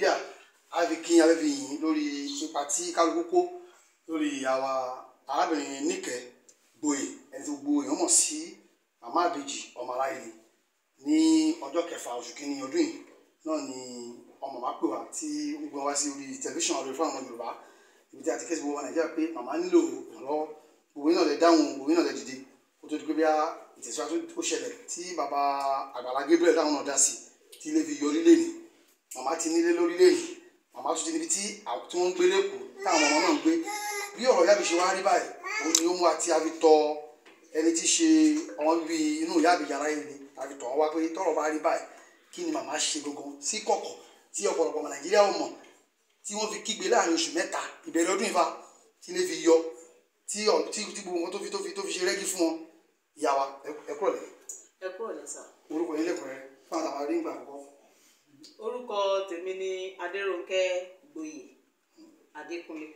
nàìjíríà a fi kí a fẹ́ fi yìn lórí ipa tí kálukú kó lórí àwa arábìnrin níkẹ́ gboyè ẹni tó gbogbo èèyàn mọ̀ sí màmá àbèjì ọmọ aláìní ní ọjọ́ kẹfà oṣù kínní ọdún yìí náà ni ọmọ màmá pè wá tí ó gbọ́n wá sí orí tẹlifíṣàn ọ̀rẹ́ fún yorùbá ibi tí a ti kẹ́sì gbogbo nàìjíríà pé màmá nílò ìrànlọ́wọ́ òwe náà lè dáhùn òwe náà lè dìde kó tó di pé bí a ìtẹ̀síwájú ó ṣẹlẹ̀ tí bàbá àgbàlá Gabriel dáhùn náà dá sí tí ilé fi yọrí lé nìí màmá ti nílé lórílẹ̀ yìí màmá tún ti níbi tí wọ́n ń gbé lẹ́kọ̀ọ́ táwọn màmá náà ń gbé bí ọ̀rọ̀ ìyá mi ṣe wá rí báyìí òun ni ó mú àti àfi tọ ẹni tí ṣe ọmọ bíbí inú ìyá mi yàrá yìí ni àfi tọ̀ wọ́n wá pé tọ́rọ̀ bá rí báyìí kí ni màmá ṣe gangan sí kọ̀kọ̀ tí ọ̀pọ̀lọpọ̀ ọmọ nàìjíríà ò mọ̀ tí wọ́n fi kígbe láàrin oṣù mẹ́ta ìbẹ̀rẹ̀ ọdún ìfà tí ilé fi yọ tí gbogbo wọn tó fi tó fi tó fi ṣe rẹ́gí fún wọn ìyá wa ẹ kúrọ̀lẹ́. ẹ kúrọ̀lẹ́ sà. orúkọ yín lẹ́kùnrin fún àtàwọn arígbà àkọ́kọ́ orúkọ tèmi ni adérónkẹ́ gboyè adékúnlé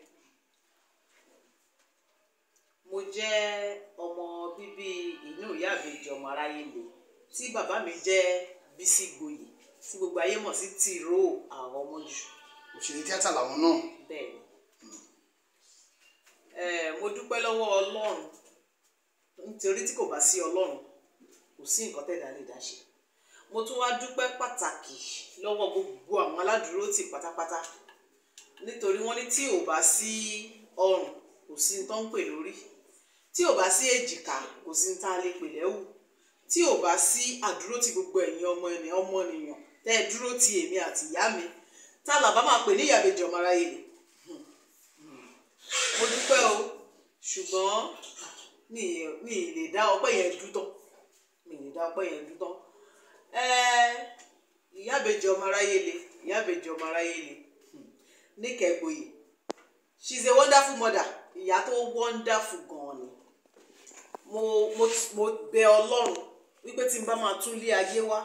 mo jẹ́ ọmọ bíbí inú ìyá àbèjì ọmọ aráyé lò tí bàbá mi jẹ́ bísí gboyè tí gbogbo ayé mọ̀ sí tìró àwọn ọmọ jù. òṣèré tíátà làwọn náà. bẹ́ẹ̀ni mo dúpẹ́ lọ́wọ́ ọlọ́run nítorí tí kò bá sí ọlọ́run kò sí nǹkan tẹ̀dá lè dá ṣe mo tún wá dúpẹ́ pàtàkì lọ́wọ́ gbogbo àwọn aládùúró tì pátápátá nítorí wọ́n ní tí ò bá sí ọrùn kò sí ní tó ń pè lórí tí ò bá sí èjìká kò sí ní tá a lè pè lẹ́wù tí ò bá sí àdúró ti gbogbo ẹ̀yin ọmọ ẹ̀nì ọmọ ènìyàn tẹ́ ẹ dúró ti èmi àti ìyá mi tá a bàbá máa pè ní ìyàbẹ̀jọ maraye lè mo dúpẹ́ o ṣùgbọ́n mi ì lè dá ọpẹ́ yẹn dútọ́ mi ì lè dá ọpẹ́ yẹn dútọ́ ee ìyábẹ̀jì ọmọara yele ìyábẹ̀jì ọmọara yele hmm. níkẹ́ gboyè she's a wonderful mother ìyá tó wonderful gan mo mo mo bẹ ọlọ́run wípé tí n bá máa tún lé ayé wá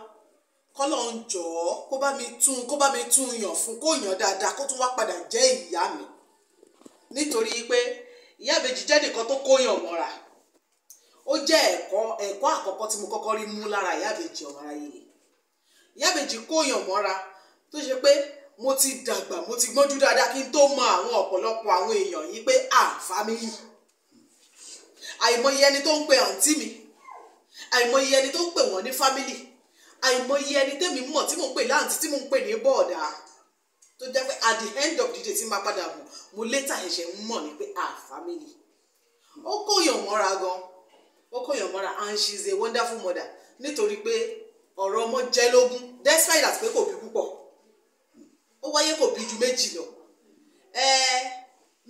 ń jọ̀ọ́ kó bá mi tún kó bá mi tún yàn fún kó yàn dáadáa kó tún wá padà jẹ́ ìyá mi nítorí pé àbèjì jáde nìkan tó kóyàn mọ́ra ẹ̀kọ́ àkọ́kọ́ tí mo kọ́kọ́ rí mú lára ìyábẹ̀jì ọmọ aráyé ni ìyábẹ̀jì kóyàn mọ́ra tó ṣe pé mo ti dàgbà mo ti gbọ́njú dáadáa kí n tó mọ àwọn ọ̀pọ̀lọpọ̀ àwọn èèyàn yìí pé à ah, fámílì àìmọye ẹni tó ń pe àǹtí mi àìmọye ẹni tó ń pè wọ́n ní fámílì àìmọye ẹni tẹ́mi mọ̀ tí mò ń pè láǹtí tí mò ń pè ní bọ́ọ̀dà tó jẹ́ pé at the end of the day tí máa padà bọ̀ mo létà ẹ̀ṣẹ̀ ń mọ̀ ní pé à ah, fámílì ó kóyàn mọ́ra gan-an ó kòyàn mọ́ra and she is a wonderful mother nítorí pé ọ̀rọ̀ ọmọ jẹ́ lógún despite that pé kò bí púpọ̀ ó wáyé kò bí ju méjì lọ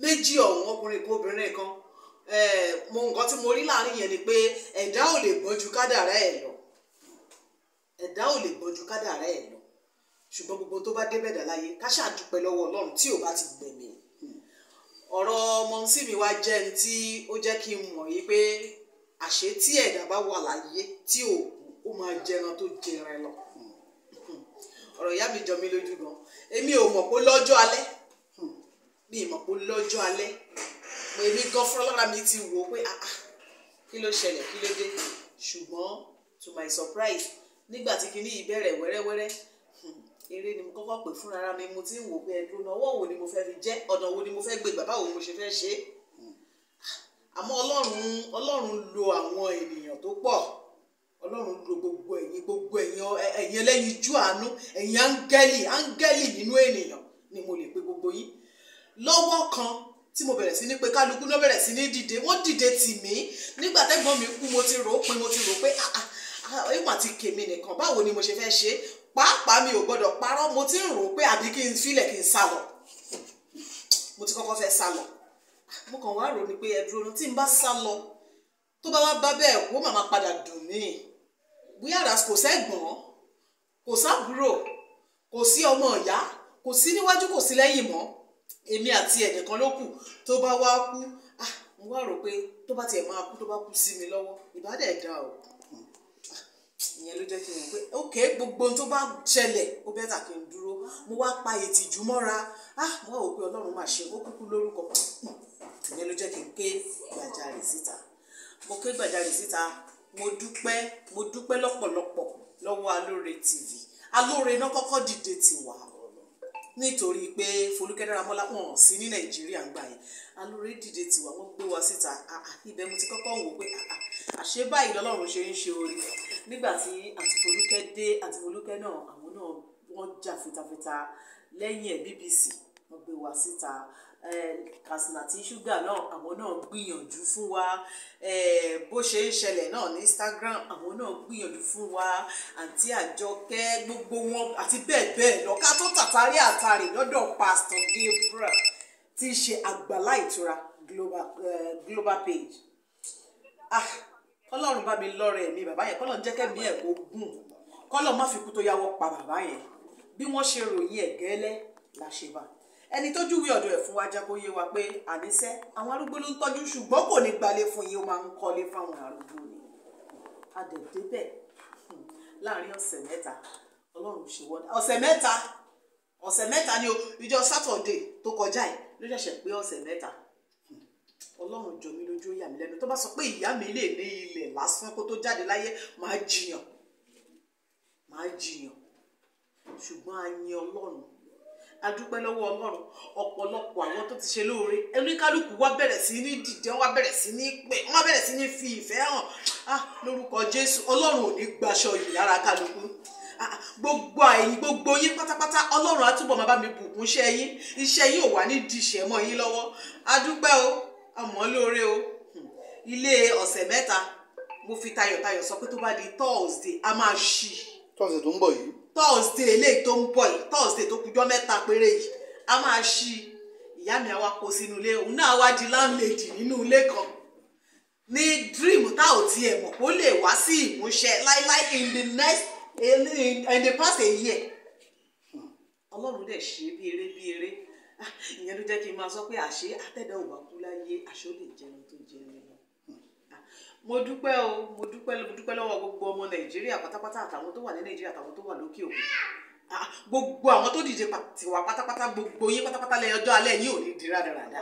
méjì ọ̀hún ọkùnrin kan obìnrin kan mo nǹkan tí mo rí láàrin yẹn ni pé ẹ̀dá ò lè gbọ́n ju kádàrá ẹ̀ lọ ẹ̀dá ò lè gbọ́n ju kádàrá ẹ̀ lọ ṣùgbọ́n gbogbo tó bá débẹ̀dà láyé ká ṣàdúpẹ́ lọ́wọ́ ọlọ́run tí ò bá ti gbẹ̀mí ọ̀rọ̀ mọ̀nsí mi wá jẹ́ ní tí ó jẹ́ kí n mọ̀ yí pé àṣé tí ẹ̀dá bá wà láyé tí ò kú ó máa jẹran tó jẹran lọ ọ̀rọ̀ ìyá mi jọ mí lójú gan èmi ò mọ̀ pé lọ́jọ́ alẹ́ mi ì mọ̀ pé lọ́jọ́ alẹ́ mo èmi gan fúnra lára mi ti wò ó pé ah, ah kí ló ṣẹlẹ̀ kí ló dé ṣùgbọ́n to my surprise nígbà tí kinní yìí bẹ̀rẹ̀ wẹ́rẹ́wẹ́rẹ́ eré ni mo kọ́kọ́ pè fúnra mi mo ti ń wò pé ẹ̀dùn ọwọ́ wo ni mo fẹ́ fi jẹ́ ọ̀nà wo ni mo fẹ́ gbé bàbá wo mo ṣe fẹ́ ṣe é àmọ́ ọlọ́run ọlọ́run lo àwọn ènìyàn tó pọ̀ ọlọ́run lo gbogbo ẹ̀yin gbogbo ẹ̀yin ẹ̀yin ẹlẹ́yin jú àánú ẹ̀yin áńgẹ́lì áńgẹ́lì nínú ènìyàn ni mo lè pe gbogbo yín lọ́wọ́ kan tí mo bẹ̀rẹ̀ sí ní pé kálukú náà bẹ̀rẹ̀ sí ní dìde wọ́n dìde tì mí nígbà tẹ́gbọ́n mi kú mo ti rò ó pé mo ti rò pé ìwà ah, ah, ah, ti kèmi nìkan báwo ni mo ṣe fẹ́ ṣe pàápàá mi ò gbọ́dọ̀ parọ́ mo ti ń rò ó pé àbí kí n filẹ̀ kí n sá lọ mo ti kọ́kọ́ fẹ́ sá lọ mo kàn wá rò ní pé ẹ̀dùn ọ̀nà tí n bá sá lọ tó bá wá bá bẹ́ẹ̀ wó màmá padà dùn mí bóyá àrà kò sẹ́gbọ̀n kò sábúrò kò sí ọmọ ọ̀yá kò sí níwájú kò sí lẹ́yìn mọ́ èmi àti ẹnìkan ló kù tó bá wá kú ah, mo wá rò pé tó bá tiẹ̀ máa kú tó bá kú sí mi lọ́wọ́ ìbádẹ́ ẹ̀dá o ìyẹn ló jẹ́ kí n mọ̀ pé ok gbogbo tó bá ṣẹlẹ̀ ó bẹ́tà kí n dúró mo wá pa ìtìjú mọ́ra ah mo wá wò pé ọlọ́run máa ṣe ó kúkú lórúkọ ìyẹn ló jẹ́ kí n ké gbàjarè síta mo ké gbàjarè síta mo dúpẹ́ mo dúpẹ́ lọ́pọ̀lọpọ̀ lọ́wọ́ Alóore TV Alóore náà kọ́kọ́ dìde tì wá nítorí pé Folúkẹ́ Dáramọ́lá wọn sí ní Nàìjíríà ń gbà yẹn Alóore dìde tì wá wọ́n gbé wa síta ibẹ̀ mo ti kọ́kọ́ wò pé àṣé báyìí lọ́lọ́run ṣe ń ṣe orí nígbà tí àti Folúkẹ́ dé àti Folúkẹ́ náà àwọn náà wọ́n jà fitafita lẹ́yìn ẹ̀ BBC wọ́n gbé wa síta katsina tí ṣúgà náà àwọn náà gbìyànjú fún wa eh, bó ṣe ń ṣẹlẹ̀ náà ní Instagram àwọn náà gbìyànjú fún wa àǹtí àjọkẹ́ gbogbo wọn àti bẹ́ẹ̀ bẹ́ẹ̀ lọ ká tó tàtàrí àtàrí lọ́dọ̀ Pastor Gabriel tí í ṣe àgbàlá ìtura global, eh, global page ah kọ́lọ́run bá mi lọ́rẹ̀ mi bàbá yẹn kọ́lọ́run jẹ́ kẹ́mi ẹ̀ kó gùn kọ́lọ́run má fi kú tó yáwọ́ pa bàbá yẹn bí wọ́n ṣe ròyìn ẹ̀ gẹ́lẹ́ la ṣe bá a ẹni tó júwe ọ̀dọ̀ ẹ̀ fún wa jẹ́ kó yé wa pé àníṣe àwọn arúgbó ló ń tọ́jú ṣùgbọ́n kò ní gbalé fún yín ó máa ń kọ́lé fáwọn arúgbó ni a dẹ̀ débẹ̀ láàrin ọ̀sẹ̀ mẹ́ta ọlọ́run ṣe wọ́n ọ̀sẹ̀ mẹ́ta ọ̀sẹ̀ mẹ́ta ni ìjọ sátọ̀dé tó kọjá ẹ̀ ló ṣẹ̀ṣẹ̀ pé ọ̀sẹ̀ mẹ́ta ọlọ́run jọ mí lójú ó yà mí lẹ́nu tó bá sọ pé ìyá mi lè ní ilẹ̀ lásán kó tó jáde láyé màá jiyàn màá jiyàn ṣùgbọ́n a yin ọlọ́run a dúpẹ́ lọ́wọ́ ọlọ́run ọ̀pọ̀lọpọ̀ àwọn tó ti ṣe lóore oníkálukú wá bẹ̀rẹ̀ sí ní dìde wá bẹ̀rẹ̀ sí ní pè wá bẹ̀rẹ̀ sí ní fi ìfẹ́ hàn á ah, lórúkọ jésù ọlọ́run ò ní gbaṣọ yìí lára kálukú ah, ah, gbogbo àyìn gbogbo yín pátápátá ọlọ́run á túbọ̀ máa bá mi bùkún iṣẹ́ yín iṣẹ́ yín ò wá ní dìṣẹ́ mọ́ yín lọ́wọ́ a dúpẹ́ o àmọ́ lóore o hmm, ilé ọ̀sẹ̀ mẹ́ta mo fi tayọ̀tayọ̀ sọ pé tó bá di thursday a máa ṣí. thursday tó ń bọ̀ yìí tọzdee eléyìí tó ń bọ̀ yìí tọ́ọ̀sì tó kújọ́ a máa ṣí ìyá mi àwa kó sínú ilé òun kan ní dream tá ò tiẹ̀ mọ̀ kó lè wá sí ìmúṣẹ láíláí in the next in, in the past a year ọlọ́run dẹ̀ ṣe bí eré bí eré ah, ìyẹn sọ pé àṣé se ò kú láyé lè jẹun mo dúpẹ́ o mo dúpẹ́ mo dúpẹ́ lọ́wọ́ gbogbo ọmọ nàìjíríà pátápátá àtàwọn tó wà ní nàìjíríà àtàwọn tó wà lókè òkun gbogbo àwọn tó dìde tiwa pátápátá gbogbo yín pátápátá lẹ́yìn ọjọ́ alẹ́ yín ò ní di rádaràda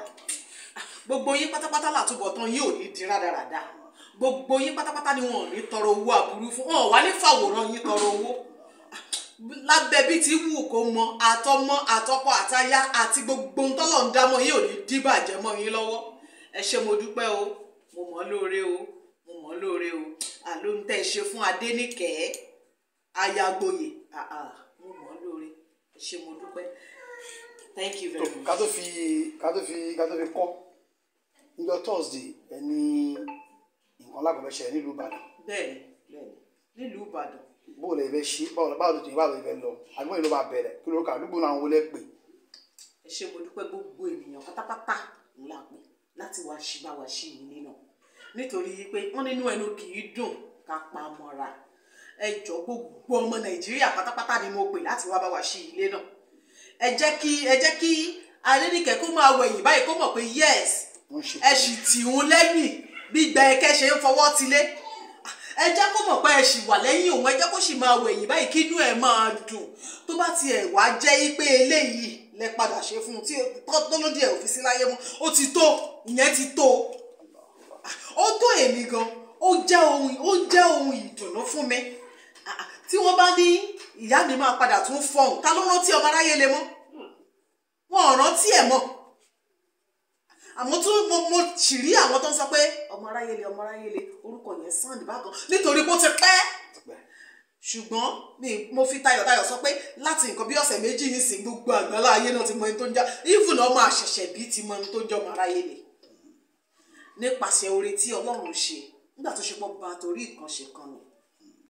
gbogbo yín pátápátá làtúbọ̀tán yín ò ní di rádaràda gbogbo yín pátápátá ni wọn ò ní tọrọ owó àbúrú fún wọn ò wá ní fàwòrán yín tọrọ owó lábẹ́ bí ti wù kó mọ àtọmọ àtọkọ àtayá àti gbogbo ohun tọ́lọ̀ ń dámọ̀ yín ò ní dìbàjẹ́ mọ́ yín lọ́wọ́ ẹ ṣé mo dúpẹ́ o mo mọ̀ lóore o olóore o àló ń tẹ́ ṣe fún Adéníkẹ́ Ayágbóyè mo mọ̀ lóore ṣe mo dúpẹ́ thank you very much. ká tó fi ká tó fi ká tó fi kọ́ níjọ́ Thursday ẹ nǹkan alákọ̀ọ́bẹ̀ṣẹ̀ nílùú Ìbàdàn. bẹ́ẹ̀ni bẹ́ẹ̀ni nílùú Ìbàdàn. bóòlù ẹ fẹ́ ṣe báwo báwo tuntun báwo ẹ fẹ́ lọ àgbọn ìlú máa bẹ̀rẹ̀ kí ló kà àdúgbò náà wọlé pè. ẹ ṣe mo dúpẹ́ gbogbo ènìyàn pátápátá ńlá pé láti wá ṣí bá wa ṣí ìyìn náà nítorí pé wọ́n nínú ẹnu kì í dùn ká pa mọ́ra ẹ jọ gbogbo ọmọ nàìjíríà pátápátá ni mo pè láti wá bá wa ṣí ilé náà ẹ jẹ́ kí ẹ jẹ́ kí Adéníkẹ́ kó máa wẹ̀yìn báyìí kó mọ̀ pé yes ẹ sì tì ń lẹ́yìn gbígbà ẹkẹ ṣe ń fọwọ́ tilé ẹ jẹ́ kó mọ̀ pé ẹ ṣì wà lẹ́yìn òun ẹ jẹ́ kó sì máa wẹ̀yìn báyìí kínú ẹ̀ máa dùn tó bá tiẹ̀ wá jẹ́ pé eléyìí lẹ padà ṣe fún un tí tọ́lódì ẹ̀ ò fi sí láyé mọ́ ó ti tó ìyẹn ti tó èmi gan ó jẹ́ ohun ó jẹ́ ohun ìdùnnú fún mi ah, tí wọ́n bá ní ìyá mi máa padà tún fọhùn ta ló rántí ọmọ aráyé le mọ́ wọn ò rántí ẹ̀ mọ́ àmọ́ tó mo mo sì rí àwọn tó ń sọ pé ọmọ aráyé le ọmọ aráyé le orúkọ yẹn sàn bákan nítorí bó ti pẹ́ ṣùgbọ́n mi mo fi tayọ̀tayọ̀ sọ pé láti nǹkan bí ọ̀sẹ̀ méjì yìí sí gbogbo àgbáńlá ayé náà ti mọ ẹni tó ń jẹ́ ìfúnà ọmọ àṣẹ̀ṣẹ̀ bíi ti mọ ẹni tó ń jẹ́ ọmọ aráyé le nípasẹ̀ oore tí ọlọ́run ṣe nígbà tó ṣe pọ̀ bá torí ìkànṣe kan nìyẹn